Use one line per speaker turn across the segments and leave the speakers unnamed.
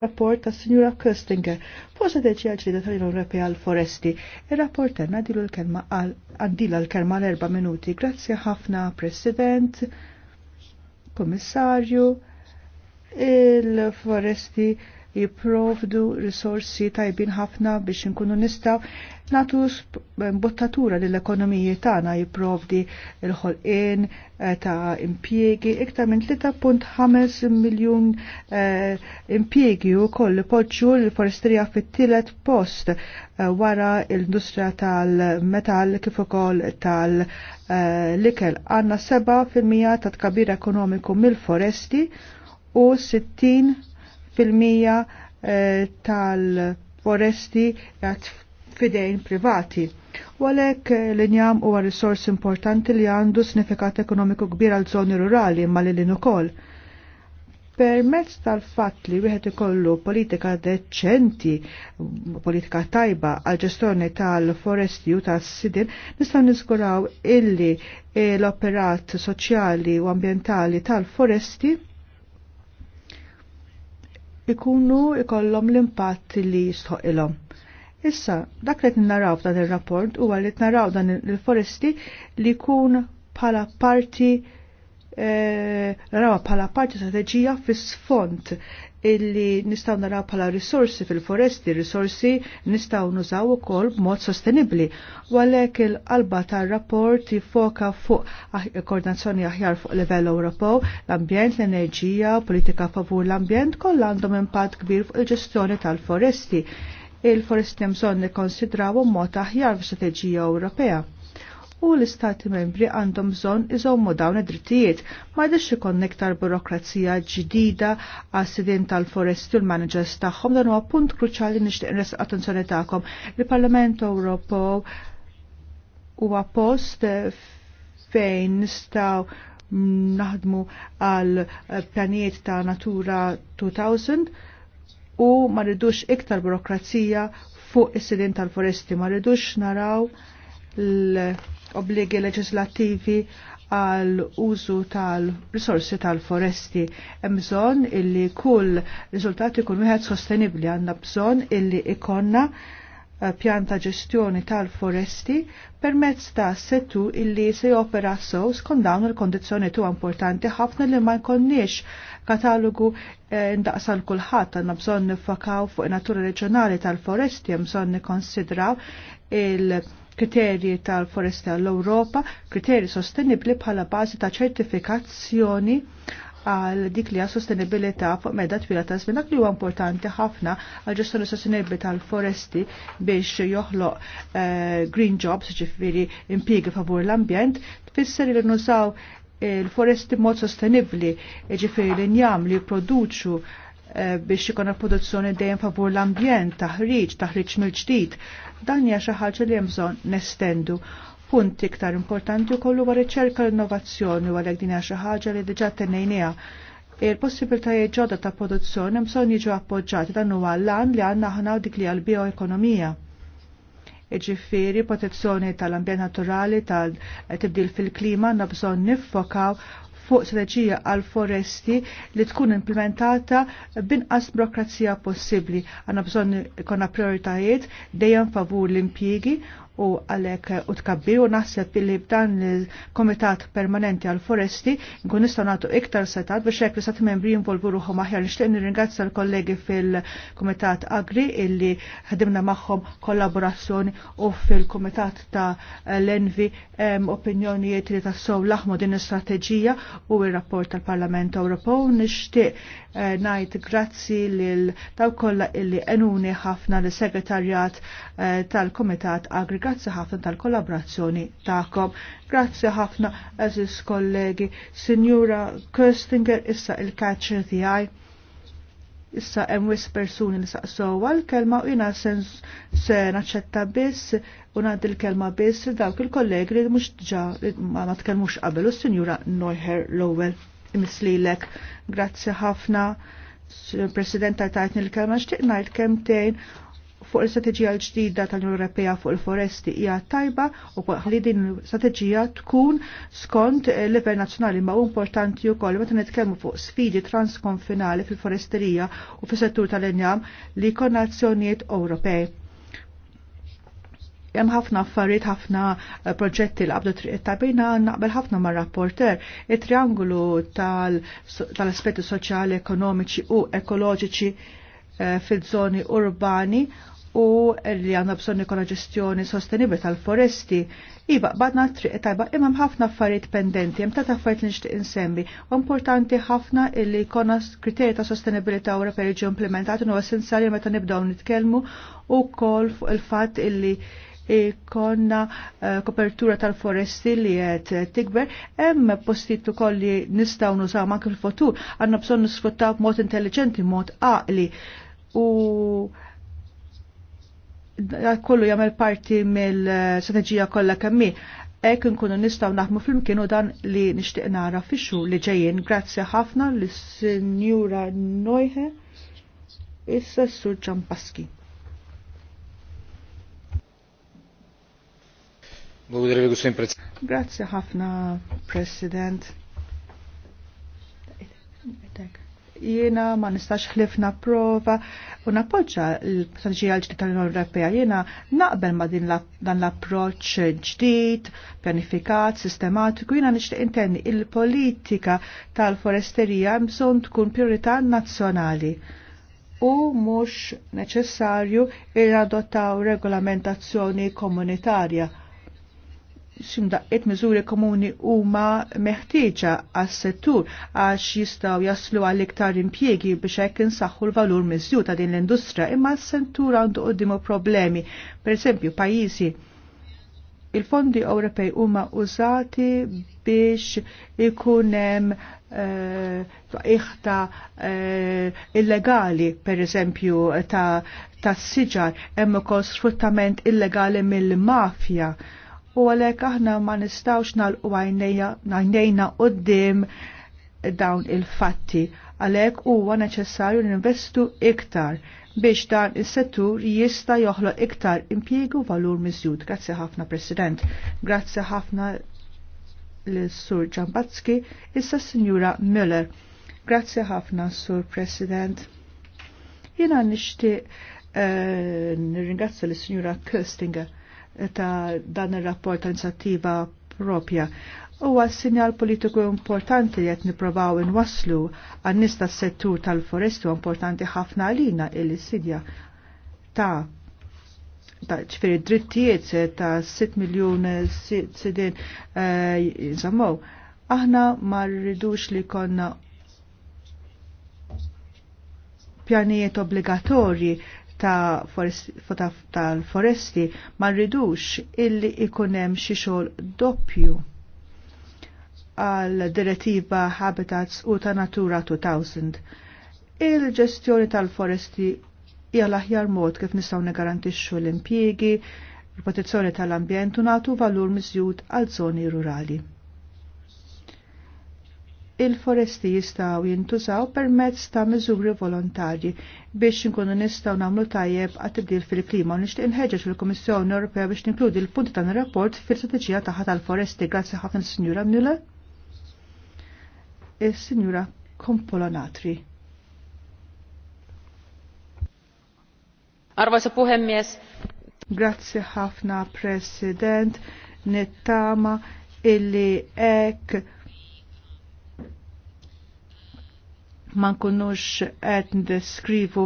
rapport ta' Signora Köstinger fuq strateġija ġdida tal-Unjoni Ewropea għal foresti. Ir-rapport tenna dilu l-kelma għal għandila l-kelma l erba minuti. Grazzi ħafna President, Kommissarju, il-foresti jiprovdu risorsi tajbin ħafna biex nkunu nistaw natu bottatura l-ekonomiji tagħna jipprovdi l-ħolqien eh, ta' impjiegi iktar minn 3.5 miljun eh, impjiegi u koll poġġu l-forestrija fit-tielet post eh, wara l-industrija tal-metall kif ukoll tal-likel. Għanna 7% ta' tkabir ekonomiku mill-foresti u 60 fil-mija eh, tal-foresti għat fidejn privati. U għalek eh, l-injam huwa risors importanti li għandu snifikat ekonomiku kbir għal żoni rurali imma li l ukoll. Permezz tal-fatt li wieħed ikollu politika deċenti, politika tajba għal ġestjoni tal-foresti u tas-sidin, nistgħu niżguraw illi eh, l-operat soċjali u ambjentali tal-foresti ikunu ikollom l-impatt li jistħoqilhom. Issa, dak li naraw f'dan ir-rapport huwa li naraw dan il-foresti li jkun bħala parti narawa eh, bħala parti strateġija fis-sfond illi nistaw naraw bħala risorsi fil-foresti, risorsi nistaw nużaw ukoll b'mod sostenibbli. Għalhekk il-qalba tar-rapport foka fuq ah, koordinazzjoni aħjar fuq livell Ewropew, l-ambjent, l-enerġija, politika favur l-ambjent kollha għandhom impatt kbir fuq il-ġestjoni tal-foresti. Il-foresti hemm bżonn nikkonsidraw mod aħjar f'strateġija Ewropea u l-istati membri għandhom bżonn iżommu dawn id-drittijiet ma jdex ikon iktar burokrazija ġdida għas-sidin tal-foresti u l-managers tagħhom dan huwa punt kruċjali nixtieq nres attenzjoni tagħkom. Il-Parlament Ewropew huwa post fejn nistgħu naħdmu għal pjanijiet ta' Natura 2000 u ma rridux iktar burokrazija fuq is-sidin tal-foresti, ma rridux naraw l obbligi leġislattivi għal użu tal-risorsi tal-foresti. Hemm bżonn illi kull riżultat ikun wieħed sostenibbli għandna bżonn illi ikonna eh, pjanta ġestjoni tal-foresti permezz ta' settu illi se jopera sew skont dawn il-kondizzjoni tu importanti ħafna li ma jkollniex katalogu eh, ndaqsal kulħadd għandna bżonn nifakaw fuq in-natura reġjonali tal-foresti hemm bżonn nikkonsidraw il- kriterji tal-foresta l-Europa, kriterji sostenibli bħala bażi ta' ċertifikazzjoni għal dik li sostenibilità fuq medda twila ta' żmien dak li huwa importanti ħafna għal ġestjoni sostenibbli tal-foresti biex joħloq uh, green jobs, ġifieri impjiegi favur l-ambjent, tfisser li nużaw il-foresti mod sostenibbli, ġifieri li njam li jipproduċu uh, Eh, biex il produzzjoni dejjem favur l-ambjent, taħriġ, taħriġ mill-ġdid. Dan hija xi ħaġa li hemm bżonn nestendu. Punt iktar importanti wkoll huwa riċerka l-innovazzjoni wara għalhekk din hija xi ħaġa li diġà tennejniha il-possibilitajiet ġodda ta' produzzjoni hemm bżonn jiġu appoġġati dan huwa l-għan li għandna aħna dik li għal bioekonomija. Iġifieri protezzjoni tal-ambjent naturali tal-tibdil fil-klima għandna bżonn niffokaw fuq strategija għal foresti li tkun implementata binqas burokrazija possibbli. Għanna bżonn ikonna prioritajiet dejjem favur l-impjiegi u għalek u tkabbi u naħseb li b'dan il-Komitat Permanenti għal Foresti nkun nistgħu nagħtu iktar setat biex hekk sat membri jinvolvu ruħhom aħjar nixtieq nirringrazzja l-kollegi fil-Kumitat Agri illi ħadimna magħhom kollaborazzjoni u fil-Kumitat ta' l-Envi opinjonijiet li tassew laħmu din l-istrateġija u r-rapport tal-Parlament Ewropew nixtieq eh, ngħid grazzi lil daw kollha illi enuni ħafna l-Segretarjat eh, tal-Kumitat Agri Grazzi ħafna tal-kollaborazzjoni tagħkom. Grazzi ħafna aziz kollegi, signora Köstinger issa il-kaċċer tiegħi. Issa hemm wis persuni li saqsow għal-kelma u jiena se naċċetta biss u ngħaddi l-kelma biss dawk il-kollegi li mhux diġà ma tkellmux qabel u Sinjura Neuher l-ewwel imislilek. Grazzi ħafna. President tajtni l-kelma xtiqna l-kemtejn fuq il-strateġija l-ġdida tal-Unjoni Ewropea fuq il-foresti hija tajba u li din l-strateġija tkun skont livell nazzjonali ma' importanti wkoll meta nitkellmu fuq sfidi transkonfinali fil-foresterija u fis-settur tal-injam li jkollna azzjonijiet Ewropej. Hemm ħafna affarijiet, ħafna eh, proġetti li qabdu triq tabina naqbel ħafna ma' rapporter. it-triangolu tal-aspetti soċjali, ekonomiċi u ekoloġiċi eh, fil-żoni urbani u li għanna bżonni kolla ġestjoni sostenibli tal-foresti. Iba, badna triq tajba, imam ħafna affarijiet pendenti, jem ta' affarijiet li nixtieq insemmi. U importanti ħafna illi jkollna kriterji ta' sostenibilità Ewropej ġi implementati u essenzjali meta nibdaw nitkellmu u kol il-fatt illi konna eh, kopertura tal-foresti li jett tikber, hemm postit ukoll li nistgħu nużaw anke fil fotur għandna bżonn nisfruttaw b'mod intelligenti, mod għaqli u kollu jagħmel parti mill-strateġija kollha kemmi. Ek nkunu nistaw naħmu film kienu dan li nishtiq nara fixu li ġejjin. Grazzi ħafna l sinjura Noihe, issa s-sur Ġampaski. Grazie ħafna, President jiena ma nistax ħlifna prova u nappoġġa l-strategija l-ġdid tal-Unjoni Ewropea jiena naqbel ma din dan l-approċċ ġdid, pjanifikat, sistematiku jiena nixtieq intenni il-politika tal-foresterija bżonn tkun priorità nazzjonali u mhux neċessarju il-adottaw regolamentazzjoni komunitarja ximdaqqiet miżuri komuni huma meħtieġa għas-settur għax jistgħu jaslu għal iktar impjiegi biex hekk insaħħu l-valur miżju ta' din l-industrija imma s-settur għandu quddimu problemi. Pereżempju pajjiżi il-fondi Ewropej huma użati biex ikun hemm eh, iħta eh, illegali, per eżempju, ta' siġar, hemm ukoll sfruttament illegali mill-mafja u għalhekk aħna ma nistgħux nagħlqu għajnejna d-dim dawn il-fatti għalhekk huwa neċessarju ninvestu iktar biex dan is-settur jista' joħlo iktar impjiegu valur miżjud. Grazzi ħafna President. Grazzi ħafna l-Sur Ġambatski, issa Signora Miller. Grazzi ħafna Sur President. Jiena nixtieq eh, nirringrazzja l signora Köstinger ta' dan ir-rapport tal-inizjattiva propja. Huwa sinjal politiku importanti li qed nipprovaw inwasslu għan-nies settur tal-foresti importanti ħafna għalina il sidja ta' ta' ċifiri drittijiet ta' 6 miljon sidin eh, jizammow. Aħna ma rridux li konna pjanijiet obbligatorji ta' tal-foresti ma rridux illi ikunem xi xogħol doppju għal direttiva Habitats u ta' Natura 2000. Il-ġestjoni tal-foresti hija l-aħjar mod kif nistgħu negarantixxu l-impjiegi, il protezzjoni tal-ambjent u nagħtu valur miżjud għal żoni rurali il-foresti jistaw jintużaw permezz ta' miżuri volontarji biex nkunu nistaw namlu tajjeb għat-tibdil fil-klima u nixtieq inħeġġeġ fil-Kummissjoni Ewropea biex ninkludi l-punti tan rapport fil-strateġija tagħha tal-foresti grazzi ħafna sinjura Müller. Is-Sinjura Kompolonatri.
Arvoisa puhemies.
Grazzi ħafna President Nittama illi ek ma nkunux qed ndeskrivu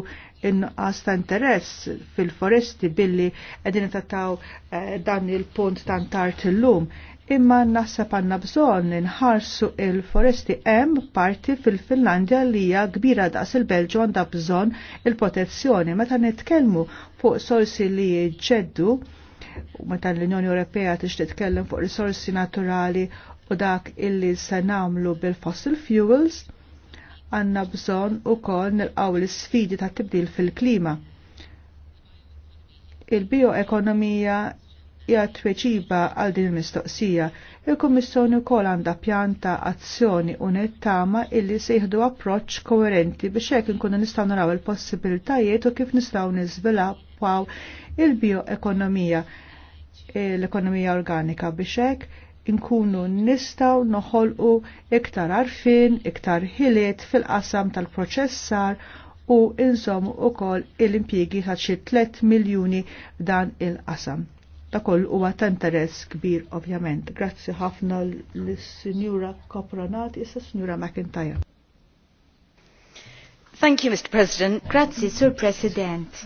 inqas ta' interess fil-foresti billi qegħdin nitataw eh, dan il-punt ta' tard illum. Imma naħseb għandna bżonn inħarsu il-foresti hemm parti fil-Finlandja li hija kbira daqs il-Belġu għandha bżonn il-protezzjoni. Meta nitkellmu fuq sorsi li jġeddu, u meta l-Unjoni Ewropea tixtieq titkellem fuq risorsi naturali u dak illi se nagħmlu bil-fossil fuels, għanna bżon u kol nilqaw l-sfidi ta' tibdil fil-klima. Il-bioekonomija hija tweċiba għal din mistoqsija Il-Kummissjoni wkoll għandha pjanta azzjoni u nittama illi se jieħdu approċċ koerenti biex hekk inkunu nistgħu naraw il-possibilitajiet u kif nistgħu niżviluppaw il-bioekonomija l-ekonomija organika biex hekk inkunu nistaw noħolqu iktar arfin, iktar hilet fil-qasam tal-proċessar u insom u kol il-impiegi ta' xi 3 miljuni dan il-qasam. Ta' koll huwa ta' interess kbir ovvjament. Grazzi ħafna l-Sinjura Kopronati, issa Sinjura McIntyre.
Thank you, Mr. President. Grazzi, Sur President.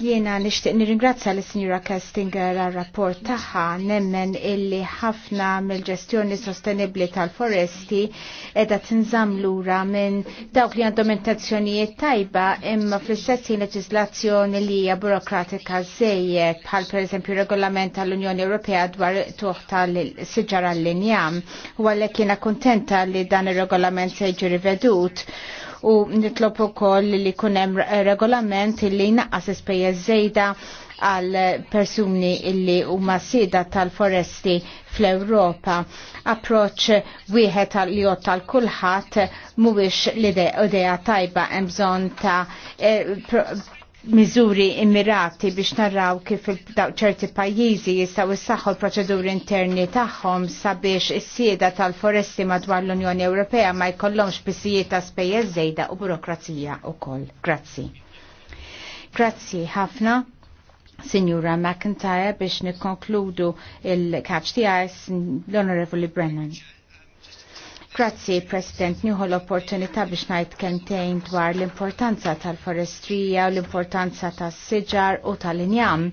Jiena nixtieq nirringrazzja l sinjura Kastinger għal rapport tagħha nemmen illi ħafna mill-ġestjoni sostenibbli tal-foresti qiegħda tinżamm lura minn dawk li għandhom intenzjonijiet tajba imma fl-istess leġislazzjoni li hija burokratika żejjed bħal pereżempju regolament tal-Unjoni Ewropea dwar tuħ tal siġara l injam u għalhekk jiena kuntenta li dan ir-regolament se jiġi rivedut u nitlob ukoll li jkun hemm regolament li jnaqqas ispejjeż żejda għal persuni illi huma sida tal-foresti fl-Ewropa. Approċ wieħed għal jot tal kulħadd mhuwiex l-idea tajba hemm bżonn ta' eh, miżuri immirati biex narraw kif ċerti pajjiżi jistgħu issaħħu l-proċeduri interni tagħhom sabiex is-sieda tal-foresti madwar l-Unjoni Ewropea ma jkollhomx pisijiet ta' spejjeż żejda u burokrazija wkoll. Grazzi. Grazzi ħafna. Signora McIntyre biex nikkonkludu il-kaċ tiegħi l-Onorevoli Brennan. Grazzi, President, nieħu l-opportunità biex ngħid kentejn dwar l-importanza tal-forestrija u l-importanza tas-siġar u tal-injam.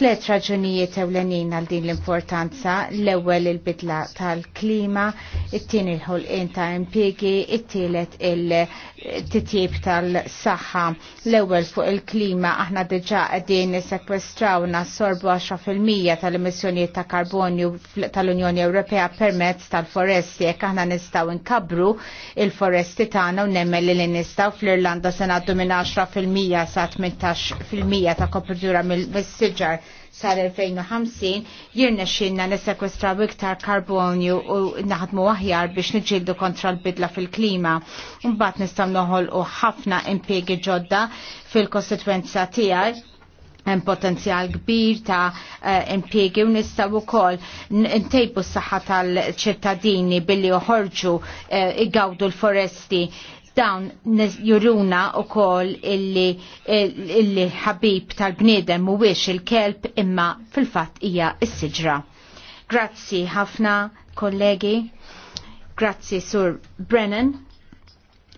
Tlet raġunijiet ewlenin għal din l-importanza, l-ewwel il-bidla tal-klima, it-tieni l-ħolqien ta' impiegi, it-tielet il-titjib tal-saħħa. L-ewwel fuq il-klima aħna diġà qegħdin nissekwestraw nassorbu 10% tal-emissjonijiet ta' karbonju tal-Unjoni Ewropea permezz tal-foresti jekk aħna nistgħu nkabru il-foresti tagħna u nemmel li nistaw fl-Irlanda se ngħaddu minn 10% sa 18% ta' kopertura mill-siġar sar 2050 jirna xinna nesekwestraw iktar karbonju u naħdmu aħjar biex nġildu kontra l-bidla fil-klima. Mbagħad nistgħu noħol u ħafna impiegi ġodda fil-kostituenza tijaj hemm potenzjal kbir ta' eh, impjiegi u nistgħu wkoll ntejbu s-saħħa tal-ċittadini billi joħorġu eh, igawdu l-foresti dawn juruna u kol illi ħabib tal-bniedem u wiex il-kelb imma fil-fat ija s-sġra. Grazzi ħafna kollegi, grazzi sur Brennan.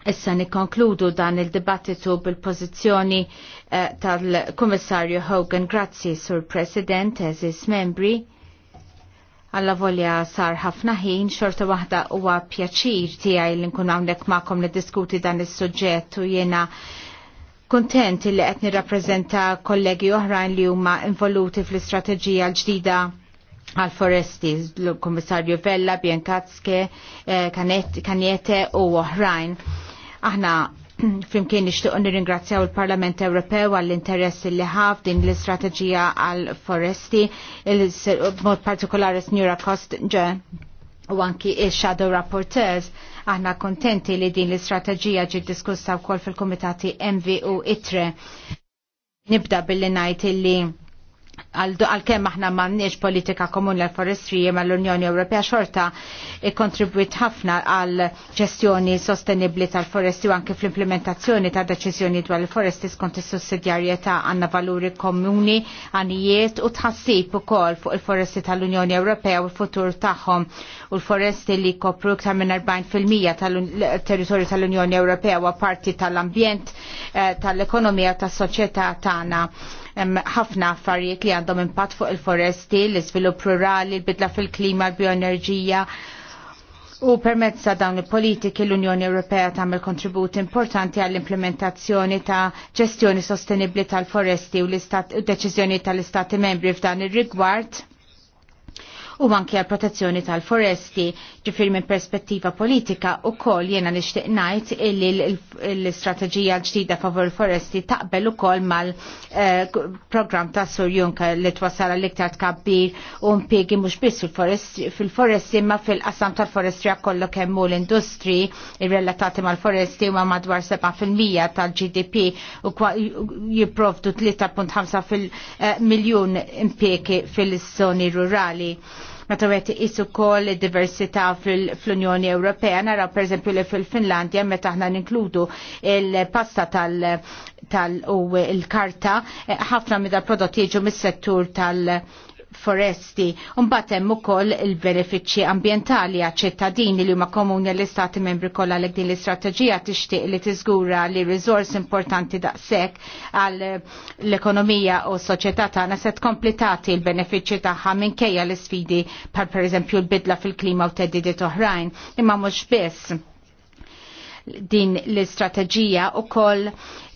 Issa nikonkludu dan il-dibattitu bil-pozizjoni eh, tal-Kummissarju Hogan. Grazzi sur President, eżis membri. Alla volja sar ħafna ħin, xorta waħda huwa pjaċir tiegħi li nkun hawnhekk li diskuti dan is-suġġett u jiena kontent li qed nirrappreżenta kollegi oħrajn li huma involuti fl-istrateġija l-ġdida għal foresti l-Kummissarju Vella, Bienkatske, Kanete eh, u oħrajn. Aħna Flimkien nixtiequ nirringrazzjaw il-Parlament Ewropew għall-interess li ħaf din l-istrateġija għall-foresti, mod partikolari s-Njura Kost u anki il-Shadow Rapporteurs. Aħna kontenti li din l-istrateġija ġi diskussa wkoll fil-Kumitati MV u ITRE. Nibda billi ngħid illi għal-kem aħna mannix politika komuni għal forestrija jema l-Unjoni Ewropea xorta kontribwit ħafna għal ġestjoni sostenibli tal-foresti u anke fl-implementazzjoni ta' deċizjoni dwar il-foresti skont is-sussidjarjetà għandna valuri komuni, għanijiet u tħassib ukoll fuq il-foresti tal-Unjoni Ewropea u l-futur tagħhom u l-foresti li kopru iktar minn 40% tal-territorju tal-Unjoni Ewropea u parti tal-ambjent, eh, tal-ekonomija, tas-soċjetà tagħna. Ta ħafna affarijiet li għandhom impatt fuq il-foresti, l-iżvilupp rurali, l-bidla fil-klima, l-bioenerġija. U permezz ta' dawn il-politiki l-Unjoni Ewropea tagħmel kontribut importanti għall-implementazzjoni ta' ġestjoni sostenibbli tal-foresti u l-deċiżjoni tal-Istati membri f'dan ir-rigward u anke għal protezzjoni tal-foresti. Ġifir minn perspettiva politika u kol jena nishtiq najt illi l-istrateġija l-ġdida favor foresti taqbel u kol mal-program eh, ta' Sur Juncker li twasara l-iktar tkabbir u mpiegi mux biss fil-foresti ma fil-qasam tal foresti kollu kemmu l-industri il-relatati mal-foresti u madwar 7% tal-GDP u jiprovdu 3.5 eh, miljon impieki fil-zoni rurali. Meta wieħed iqis ukoll id-diversità fl-Unjoni Ewropea, naraw perempju li fil-Finlandja meta aħna ninkludu il-pasta tal tal u il-karta eh, ħafna mida prodotti jiġu mis-settur tal foresti. Umbat hemm ukoll il-benefiċċji ambjentali għaċ ċittadini li huma komuni l-istati membri kollha għalhekk din l-istrateġija tixtieq li tiżgura li riżors importanti daqshekk għal l-ekonomija u s-soċjetà tagħna se tkomplitati l-benefiċċji tagħha minkejja l-isfidi par pereżempju l-bidla fil-klima u teddidiet oħrajn, imma mhux biss din l-istrateġija u koll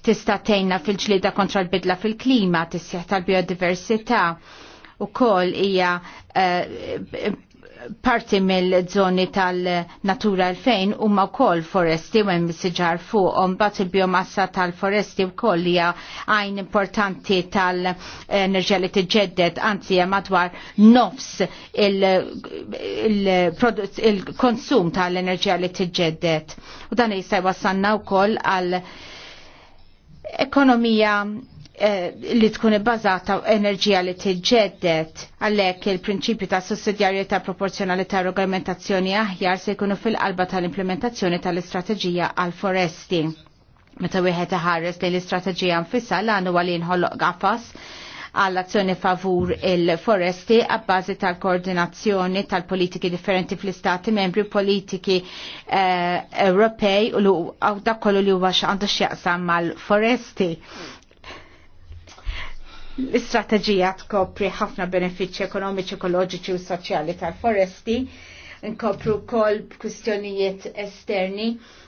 tista' tejna fil-ġlieda kontra l-bidla fil-klima, tissieħ tal-biodiversità, u hija ija eh, parti mill-żoni tal-Natura u huma wkoll foresti u hemm siġar fuqhom mbat il-biomassa tal-foresti wkoll hija għajn importanti tal-enerġija li tiġġedded anzi hemm madwar nofs il-konsum tal-enerġija li tiġġedded. U dan jista' u wkoll għal ekonomija Eh, li tkun ibbażata enerġija li tiġġedded għalhekk il-prinċipju ta' sussidjarjetà proporzjonali ta' regolamentazzjoni aħjar se jkunu fil-qalba tal-implementazzjoni tal-istrateġija għal-foresti. Meta wieħed iħares li l-istrateġija nfissa l huwa li nħolloq qafas għall-azzjoni favur il-foresti għabbażi tal-koordinazzjoni tal-politiki differenti fl-istati membri politiki eh, Ewropej u dak kollu li huwa għandu x'jaqsam mal-foresti. L-istrateġija tkopri ħafna benefiċċji ekonomiċi, ekoloġiċi u soċjali tal-foresti, nkopru kol kustjonijiet esterni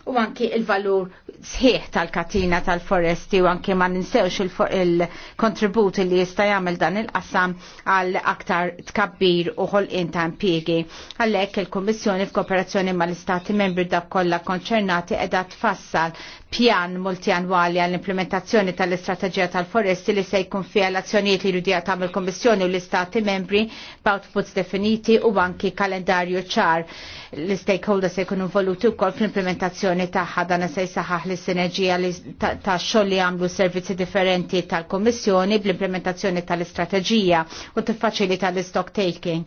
u anki il-valur sħiħ tal-katina tal-foresti u anki ma ninsewx il-kontribut il li jista' jagħmel dan il-qassam għal aktar tkabbir u ħolqien ta' impjiegi. Għalhekk il-Kummissjoni f'kooperazzjoni mal-Istati Membri dak kollha konċernati qiegħda tfassal pjan multianwali għall-implementazzjoni tal-istrateġija tal-foresti li se jkun fija l-azzjonijiet li jrudija tam il-Kommissjoni u l-Istati membri b'outputs definiti u anki kalendarju ċar l-stakeholders se jkunu involuti wkoll fl-implementazzjoni tagħha dan se jsaħħaħ l sinerġija ta' xogħol li għamlu servizzi differenti tal-Kommissjoni bl-implementazzjoni tal-istrateġija u tiffaċilita l stock taking.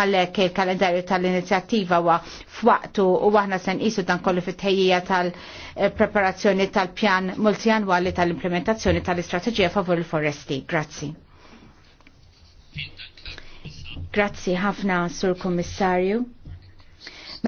Għalhekk il-kalendarju tal-inizjattiva huwa f'waqtu u aħna se nqisu dan kollu fit-tejjija tal-preparazzjoni l-implementazzjoni tal-pjan multianwali tal-implementazzjoni tal istrategija favur il-foresti. Grazzi. Grazzi ħafna, Sur Kommissarju.